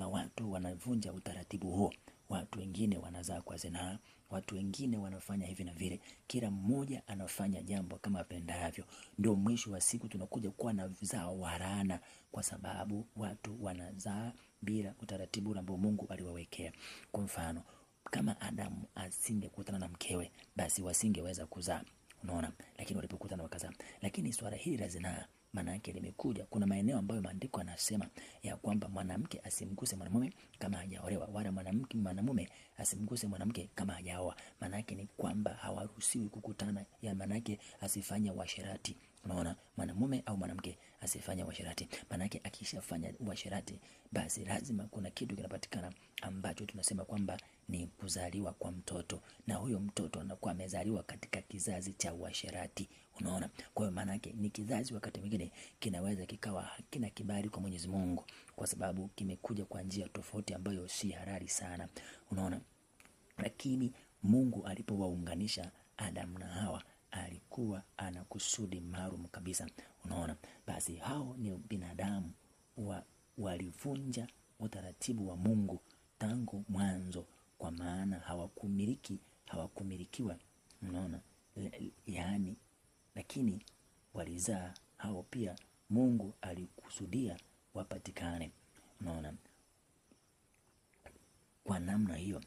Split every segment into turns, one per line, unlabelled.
kuna watu wanavunja utaratibu huo, watu wengine wanazaa kwa zinaa, watu wengine wanafanya hivi na vile, kila mmoja anafanya jambo kama apendavyo Ndio mwisho wa siku tunakuja kuwa na zao warana, kwa sababu watu wanazaa bila utaratibu ambao Mungu aliwawekea. Kwa mfano, kama Adamu asingekutana na mkewe, basi wasingeweza kuzaa, unaona. Lakini walipokutana wakazaa. Lakini swala hili la zinaa maana yake limekuja. Kuna maeneo ambayo maandiko yanasema ya kwamba mwanamke asimguse mwanamume kama hajaolewa, wala mwanamke mwanamume asimguse mwanamke kama hajaoa. Maana yake ni kwamba hawaruhusiwi kukutana, ya maana yake asifanye uasherati. Unaona, mwanamume au mwanamke asifanya washerati Maana yake akishafanya washerati basi lazima kuna kitu kinapatikana ambacho tunasema kwamba ni kuzaliwa kwa mtoto, na huyo mtoto anakuwa amezaliwa katika kizazi cha uasherati. Unaona, kwa hiyo maanake ni kizazi wakati mwingine kinaweza kikawa hakina kibali kwa Mwenyezi Mungu, kwa sababu kimekuja kwa njia tofauti ambayo si harari sana. Unaona, lakini Mungu alipowaunganisha Adamu na Hawa alikuwa ana kusudi maalum kabisa. Unaona, basi hao ni binadamu wa walivunja utaratibu wa Mungu tangu mwanzo kwa maana hawakumiliki, hawakumilikiwa, mnaona yaani, lakini walizaa hao pia, Mungu alikusudia wapatikane, mnaona kwa namna hiyo.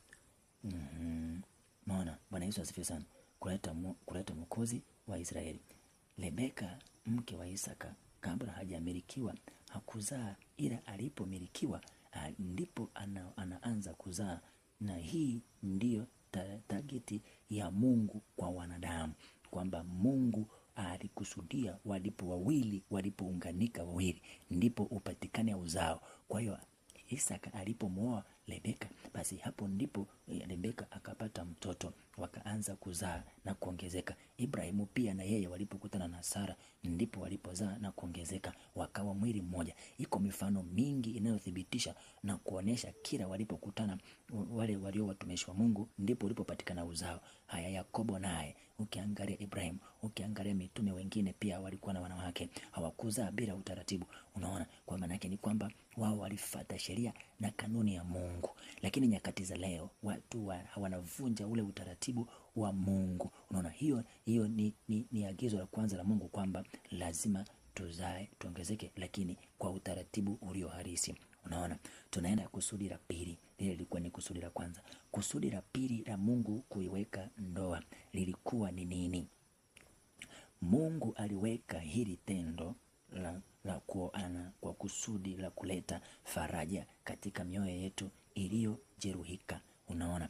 mm -hmm. Bwana Yesu asifiwe sana, kuleta kuleta mwokozi wa Israeli. Rebeka mke wa Isaka kabla hajamilikiwa hakuzaa, ila alipomilikiwa ndipo ana, anaanza kuzaa na hii ndiyo tageti ya Mungu kwa wanadamu, kwamba Mungu alikusudia walipo wawili, walipounganika wawili, ndipo upatikane uzao. Kwa hiyo Isaka alipomwoa Rebeka, basi hapo ndipo eh, Rebeka akapata mtoto, wakaanza kuzaa na kuongezeka. Ibrahimu pia na yeye walipokutana na Sara ndipo walipozaa na kuongezeka, wakawa mwili mmoja. Iko mifano mingi inayothibitisha na kuonesha kila walipokutana wale walio watumishi wa Mungu ndipo ulipopatikana uzao. Haya, Yakobo naye Ukiangalia Ibrahim, ukiangalia mitume wengine pia walikuwa na wanawake, hawakuzaa bila utaratibu. Unaona, kwa maana yake ni kwamba wao walifuata sheria na kanuni ya Mungu, lakini nyakati za leo watu wa, wanavunja ule utaratibu wa Mungu. Unaona, hiyo hiyo ni, ni, ni agizo la kwanza la Mungu kwamba lazima tuzae tuongezeke, lakini kwa utaratibu ulio halisi. Unaona, tunaenda kusudi la pili. Lile lilikuwa ni kusudi la kwanza. Kusudi la pili la Mungu kuiweka ni nini. Mungu aliweka hili tendo la, la kuoana kwa kusudi la kuleta faraja katika mioyo yetu iliyojeruhika. Unaona,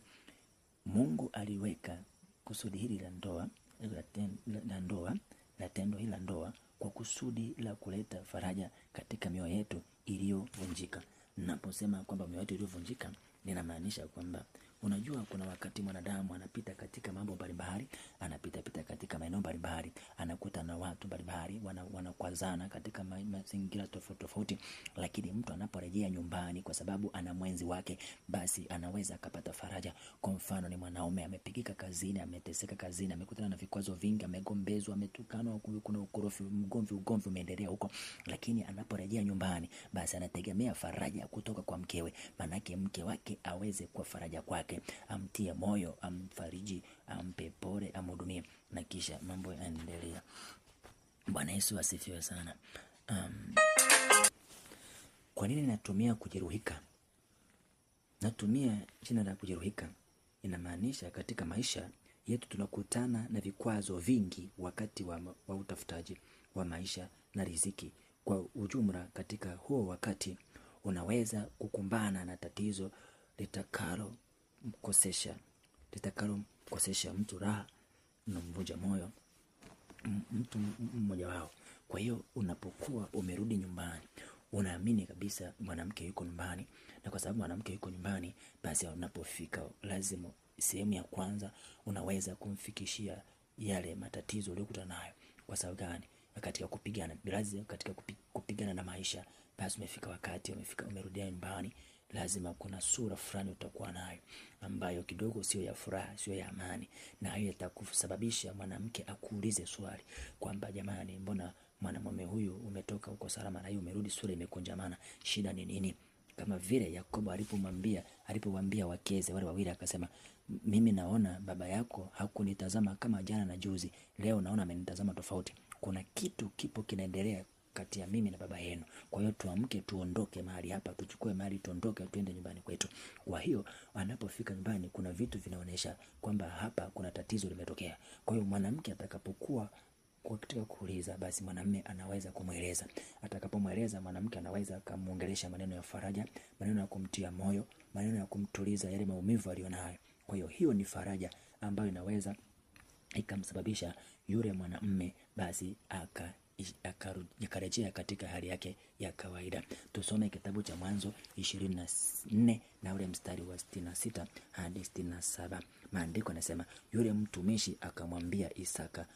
Mungu aliweka kusudi hili la ndoa la, ten, la, la ndoa la tendo hili la ndoa kwa kusudi la kuleta faraja katika mioyo yetu iliyovunjika. Naposema kwamba mioyo yetu iliyovunjika, ninamaanisha kwamba Unajua, kuna wakati mwanadamu anapita katika mambo mbalimbali, anapita pita katika maeneo mbalimbali, anakuta na watu mbalimbali, wanakwazana wana katika mazingira tofauti tofauti, lakini mtu anaporejea nyumbani, kwa sababu ana mwenzi wake, basi anaweza akapata faraja. Kwa mfano, ni mwanaume amepigika kazini, ameteseka kazini, amekutana na vikwazo vingi, amegombezwa, ametukanwa, kuna ukorofi, mgomvi, ugomvi umeendelea huko, lakini anaporejea nyumbani, basi anategemea faraja kutoka kwa mkewe, manake mke wake aweze kuwa faraja kwake yake amtie moyo, amfariji, ampe pole, amhudumie na kisha mambo yanaendelea. Bwana Yesu asifiwe sana. Um, kwa nini natumia kujeruhika? Natumia jina la kujeruhika, inamaanisha katika maisha yetu tunakutana na vikwazo vingi wakati wa, wa utafutaji wa maisha na riziki kwa ujumla. Katika huo wakati unaweza kukumbana na tatizo litakalo mkosesha litakalomkosesha mtu raha na mvuja moyo mtu mmoja wao. Kwa hiyo unapokuwa umerudi nyumbani, unaamini kabisa mwanamke yuko nyumbani, na kwa sababu mwanamke yuko nyumbani, basi unapofika lazima sehemu ya kwanza unaweza kumfikishia yale matatizo uliyokutana nayo. Kwa sababu gani? Katika kupigana lazima, katika kupigana na maisha, basi umefika wakati, umefika, umerudia nyumbani lazima kuna sura fulani utakuwa nayo ambayo kidogo sio ya furaha, sio ya amani, na hiyo itakusababisha mwanamke akuulize swali kwamba jamani, mbona mwanamume huyu umetoka huko salama na hiyo umerudi sura imekunjamana, shida ni nini? Kama vile Yakobo alipomwambia alipowaambia wakeze wale wawili, akasema mimi naona baba yako hakunitazama kama jana na juzi, leo naona amenitazama tofauti. Kuna kitu kipo kinaendelea kati ya mimi na baba yenu. Kwa hiyo tuamke, tuondoke mahali hapa, tuchukue mali, tuondoke, tuende nyumbani kwetu. Kwa hiyo anapofika nyumbani, kuna vitu vinaonyesha kwamba hapa kuna tatizo limetokea. Kwa hiyo mwanamke atakapokuwa kwa katika kuuliza, basi mwanamume anaweza kumweleza. Atakapomweleza, mwanamke anaweza akamuongelesha maneno ya faraja, maneno ya kumtia moyo, maneno ya kumtuliza yale maumivu aliyonayo. Kwa hiyo hiyo ni faraja ambayo inaweza ikamsababisha yule mwanamume basi aka yakarejea katika hali yake ya kawaida. Tusome kitabu cha Mwanzo ishirini na nne na ule mstari wa sitini na sita hadi sitini na saba. Maandiko anasema yule mtumishi akamwambia Isaka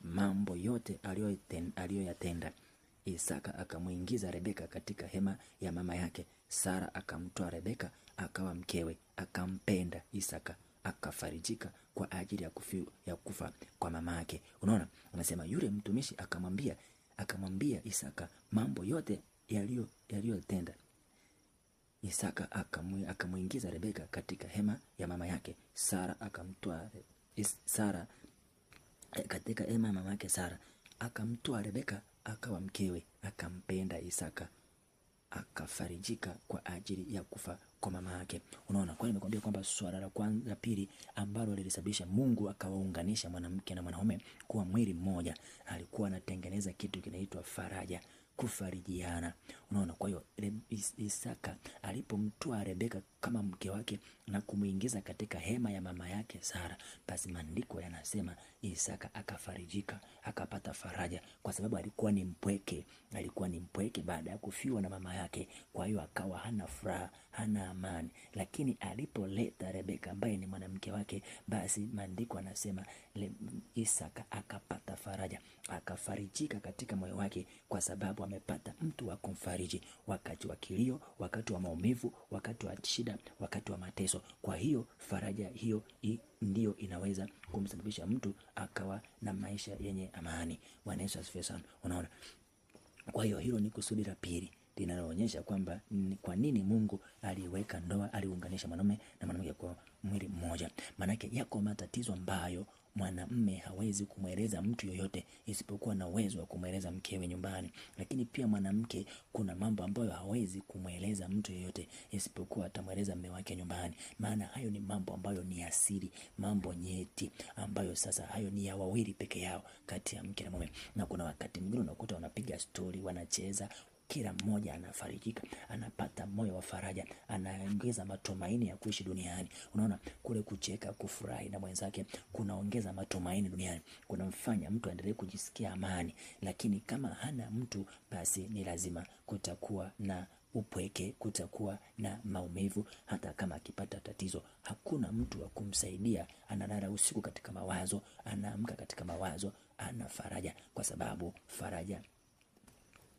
mambo yote aliyoyatenda. Isaka akamwingiza Rebeka katika hema ya mama yake. Sara akamtoa Rebeka akawa mkewe, akampenda Isaka akafarijika kwa ajili ya, kufi, ya kufa kwa mama yake. Unaona, anasema yule mtumishi akamwambia akamwambia Isaka mambo yote yaliyo yaliyotenda. Isaka akamwingiza Rebeka katika hema ya mama yake Sara, akamtoa Sara eh, katika hema ya mama yake Sara, akamtoa Rebeka akawa mkewe, akampenda Isaka, akafarijika kwa ajili ya kufa kwa mama yake. Unaona, kwa nimekwambia kwamba swala la kwanza, la pili ambalo lilisababisha Mungu akawaunganisha mwanamke na mwanaume kuwa mwili mmoja, alikuwa anatengeneza kitu kinaitwa faraja kufarijiana. Unaona, kwa hiyo Isaka alipomtoa Rebeka kama mke wake na kumwingiza katika hema ya mama yake Sara, basi maandiko yanasema Isaka akafarijika, akapata faraja, kwa sababu alikuwa ni mpweke, alikuwa ni mpweke baada ya kufiwa na mama yake. Kwa hiyo akawa hana furaha, hana amani, lakini alipoleta Rebeka ambaye ni mwanamke wake, basi maandiko yanasema Isaka akapata faraja, akafarijika katika moyo wake, kwa sababu wamepata mtu wa kumfariji wakati wa kilio, wakati wa maumivu, wakati wa shida, wakati wa mateso. Kwa hiyo faraja hiyo ndiyo inaweza kumsababisha mtu akawa na maisha yenye amani. Bwana Yesu asifiwe sana. Unaona, kwa hiyo hilo ni kusudi la pili linaloonyesha kwamba kwa nini Mungu aliweka ndoa, aliunganisha mwanaume na mwanamke kwa mwili mmoja. Maanake yako matatizo ambayo mwanamme hawezi kumweleza mtu yoyote isipokuwa na uwezo wa kumweleza mkewe nyumbani. Lakini pia mwanamke, kuna mambo ambayo hawezi kumweleza mtu yoyote isipokuwa atamweleza mme wake nyumbani, maana hayo ni mambo ambayo ni asiri, mambo nyeti ambayo sasa hayo ni ya wawili peke yao, kati ya mke na mume. Na kuna wakati mwingine unakuta wanapiga stori, wanacheza kila mmoja anafarijika, anapata moyo wa faraja, anaongeza matumaini ya kuishi duniani. Unaona kule kucheka, kufurahi na mwenzake kunaongeza matumaini duniani, kunamfanya mtu aendelee kujisikia amani. Lakini kama hana mtu, basi ni lazima kutakuwa na upweke, kutakuwa na maumivu. Hata kama akipata tatizo, hakuna mtu wa kumsaidia, analala usiku katika mawazo, anaamka katika mawazo, ana faraja, kwa sababu faraja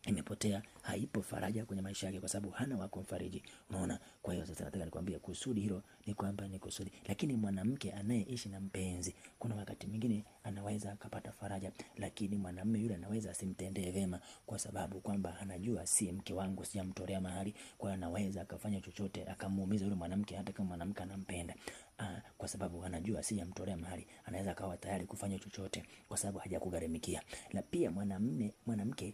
imepotea, haipo faraja kwenye maisha yake, kwa sababu hana wa kumfariji. Unaona, kwa hiyo sasa nataka nikwambie kusudi hilo ni kwamba ni kusudi. Lakini mwanamke anayeishi na mpenzi, kuna wakati mwingine anaweza akapata faraja, lakini mwanamume yule anaweza asimtendee vema, kwa sababu kwamba anajua si mke wangu, sijamtolea mahali. Kwa hiyo anaweza akafanya chochote akamuumiza yule mwanamke, hata kama mwanamke anampenda Aa, ah, kwa sababu anajua sijamtolea mahali, anaweza akawa tayari kufanya chochote kwa sababu hajakugharamikia. Na pia mwanamme mwanamke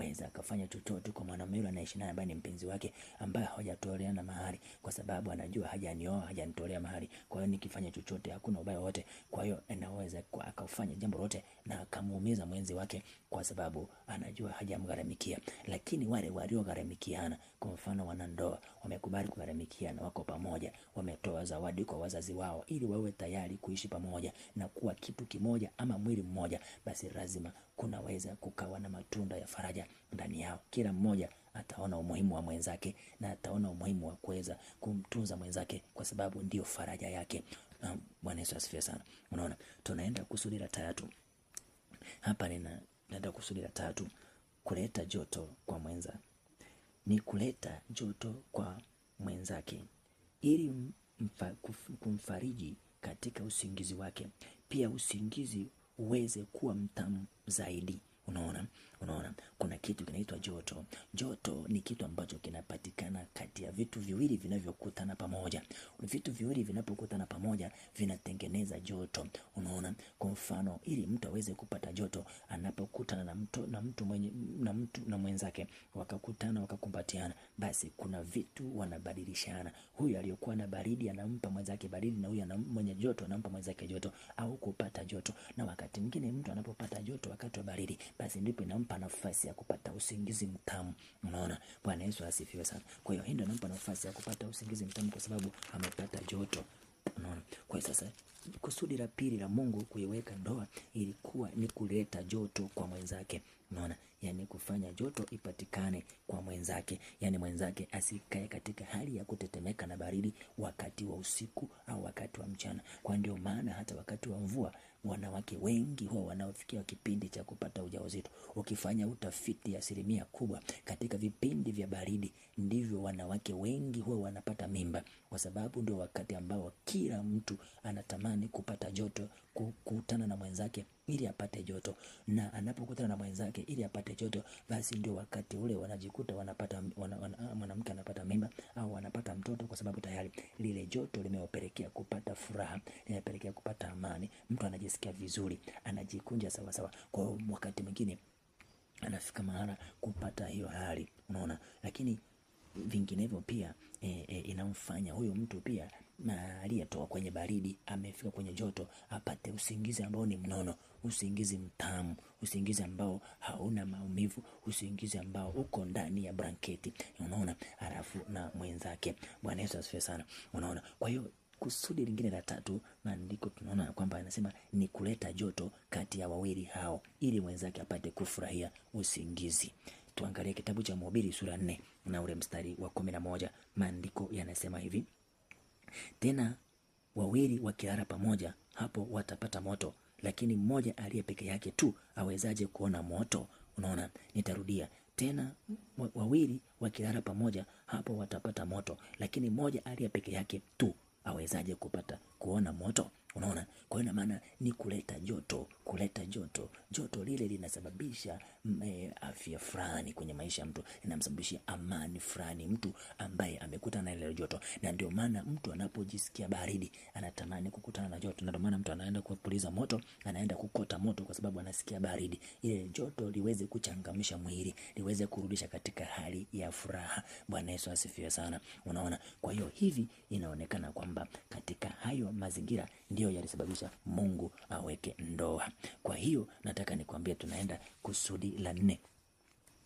anaweza akafanya chochote kwa mwanamume yule anaishi naye ambaye ni mpenzi wake, ambaye hajatoleana mahari, kwa sababu anajua hajanioa, hajanitolea mahari. Kwa hiyo nikifanya chochote hakuna ubaya wote. Kwa hiyo anaweza akafanya jambo lote na akamuumiza mwenzi wake, kwa sababu anajua hajamgharamikia. Lakini wale waliogharamikiana, kwa mfano wanandoa, wamekubali kugharamikiana, wako pamoja, wametoa zawadi kwa wazazi wao ili wawe tayari kuishi pamoja na kuwa kitu kimoja ama mwili mmoja, basi lazima kunaweza kukawa na matunda ya faraja ndani yao. Kila mmoja ataona umuhimu wa mwenzake na ataona umuhimu wa kuweza kumtunza mwenzake, kwa sababu ndiyo faraja yake. Bwana Yesu asifiwe sana. Unaona, tunaenda kusudi la tatu hapa, naenda kusudi la tatu, kuleta joto kwa mwenza ni kuleta joto kwa mwenzake ili mfa, kumfariji katika usingizi wake. Pia usingizi uweze kuwa mtamu zaidi. Unaona, unaona kuna kitu kinaitwa joto. Joto ni kitu ambacho kinapatikana kati ya vitu viwili vinavyokutana pamoja. Vitu viwili vinapokutana pamoja vinatengeneza joto. Unaona, kwa mfano, ili mtu aweze kupata joto, anapokutana na mtu na mtu mwenye na mtu na mwenzake, wakakutana wakakumbatiana, basi kuna vitu wanabadilishana. Huyu aliyokuwa na baridi anampa mwenzake baridi, na huyu mwenye joto anampa mwenzake joto, au kupata joto. Na wakati mwingine mtu anapopata joto wakati wa baridi basi ndipo inampa nafasi ya kupata usingizi mtamu. Unaona, Bwana Yesu asifiwe sana. Kwa hiyo hii ndio nafasi ya kupata usingizi mtamu, kwa sababu amepata joto. Unaona, kwa hiyo sasa kusudi la pili la Mungu kuiweka ndoa ilikuwa ni kuleta joto kwa mwenzake. Unaona, yani kufanya joto ipatikane kwa mwenzake, yani mwenzake asikae katika hali ya kutetemeka na baridi wakati wa usiku au wakati wa mchana. Kwa ndio maana hata wakati wa mvua wanawake wengi huwa wanaofikia kipindi cha kupata ujauzito. Ukifanya utafiti, asilimia kubwa katika vipindi vya baridi ndivyo wanawake wengi huwa wanapata mimba, kwa sababu ndio wakati ambao kila mtu anatamani kupata joto, kukutana na mwenzake ili apate joto, na anapokutana na mwenzake ili apate joto, basi ndio wakati ule wanajikuta wanapata wana, wana, ah, mwanamke anapata mimba au wanapata mtoto, kwa sababu tayari lile joto limewapelekea kupata furaha, limewapelekea kupata amani, mtu anajisikia vizuri, anajikunja sawasawa. Kwa wakati mwingine anafika mahala kupata hiyo hali, unaona, lakini vinginevyo pia e, e, inamfanya huyu mtu pia aliyetoka kwenye baridi amefika kwenye joto apate usingizi ambao ni mnono usingizi mtamu, usingizi ambao hauna maumivu, usingizi ambao uko ndani ya blanketi, unaona, alafu na mwenzake. Bwana Yesu asifiwe sana, unaona. Kwa hiyo kusudi lingine la tatu maandiko tunaona kwamba anasema ni kuleta joto kati ya wawili hao, ili mwenzake apate kufurahia usingizi. Tuangalie kitabu cha Mhubiri sura nne na ule mstari wa kumi na moja. Maandiko yanasema hivi: tena wawili wakilala pamoja, hapo watapata moto lakini mmoja aliye peke yake tu awezaje kuona moto? Unaona, nitarudia tena, wawili wakilala pamoja hapo watapata moto, lakini mmoja aliye peke yake tu awezaje kupata kuona moto? Unaona, kwa hiyo na maana ni kuleta joto kuleta joto. Joto lile linasababisha eh, afya fulani kwenye maisha ya mtu, inamsababishia amani fulani mtu ambaye amekuta na ile joto, na ndio maana mtu anapojisikia baridi anatamani kukutana na joto, na ndio maana mtu anaenda kupuliza moto, anaenda kukota moto kwa sababu anasikia baridi. Ile joto liweze kuchangamsha mwili, liweze kurudisha katika hali ya furaha. Bwana Yesu asifiwe sana. Unaona, kwa hiyo hivi inaonekana kwamba katika hayo mazingira ndiyo yalisababisha Mungu aweke ndoa. Kwa hiyo nataka nikwambie, tunaenda kusudi la nne.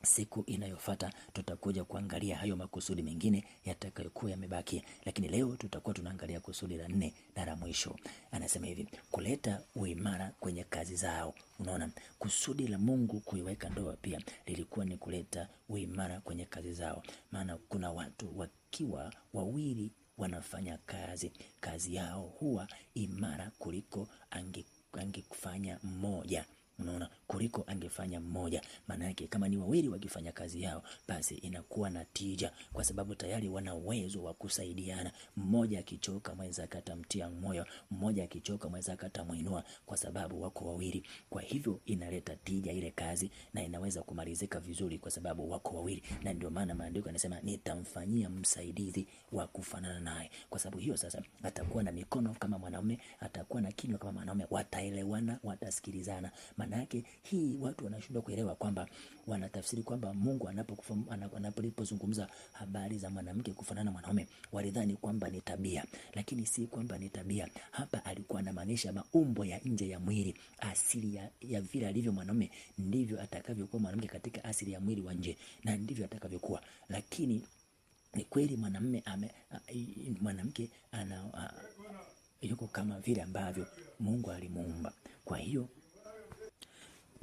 Siku inayofata tutakuja kuangalia hayo makusudi mengine yatakayokuwa yamebaki, lakini leo tutakuwa tunaangalia kusudi la nne na la mwisho. Anasema hivi, kuleta uimara kwenye kazi zao. Unaona, kusudi la Mungu kuiweka ndoa pia lilikuwa ni kuleta uimara kwenye kazi zao, maana kuna watu wakiwa wawili wanafanya kazi, kazi yao huwa imara kuliko angi angekufanya mmoja. Unaona, kuliko angefanya mmoja. Maana yake kama ni wawili wakifanya kazi yao, basi inakuwa na tija, kwa sababu tayari wana uwezo wa kusaidiana. Mmoja akichoka mwenza katamtia moyo, mmoja akichoka mwenza katamwinua, kwa sababu wako wawili. Kwa hivyo inaleta tija ile kazi na inaweza kumalizika vizuri, kwa sababu wako wawili, na ndio maana maandiko yanasema nitamfanyia msaidizi wa kufanana naye, kwa sababu hiyo sasa atakuwa na mikono kama mwanaume, atakuwa na kinywa kama mwanaume, wataelewana, watasikilizana. Maana yake hii watu wanashindwa kuelewa kwamba wanatafsiri kwamba Mungu anapozungumza habari za mwanamke kufanana na mwanaume walidhani kwamba ni tabia, lakini si kwamba ni tabia. Hapa alikuwa anamaanisha maumbo ya nje ya mwili, asili ya, ya vile alivyo mwanaume ndivyo atakavyokuwa mwanamke katika asili ya mwili wa nje, na ndivyo atakavyokuwa lakini ni kweli mwanamme ame mwanamke ana a, yuko kama vile ambavyo Mungu alimuumba. Kwa hiyo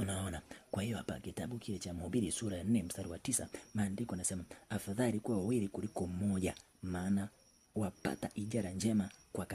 Unaona, kwa hiyo hapa kitabu kile cha Mhubiri sura ya 4 mstari wa tisa maandiko nasema afadhali kuwa wawili kuliko mmoja, maana wapata ijara njema kwa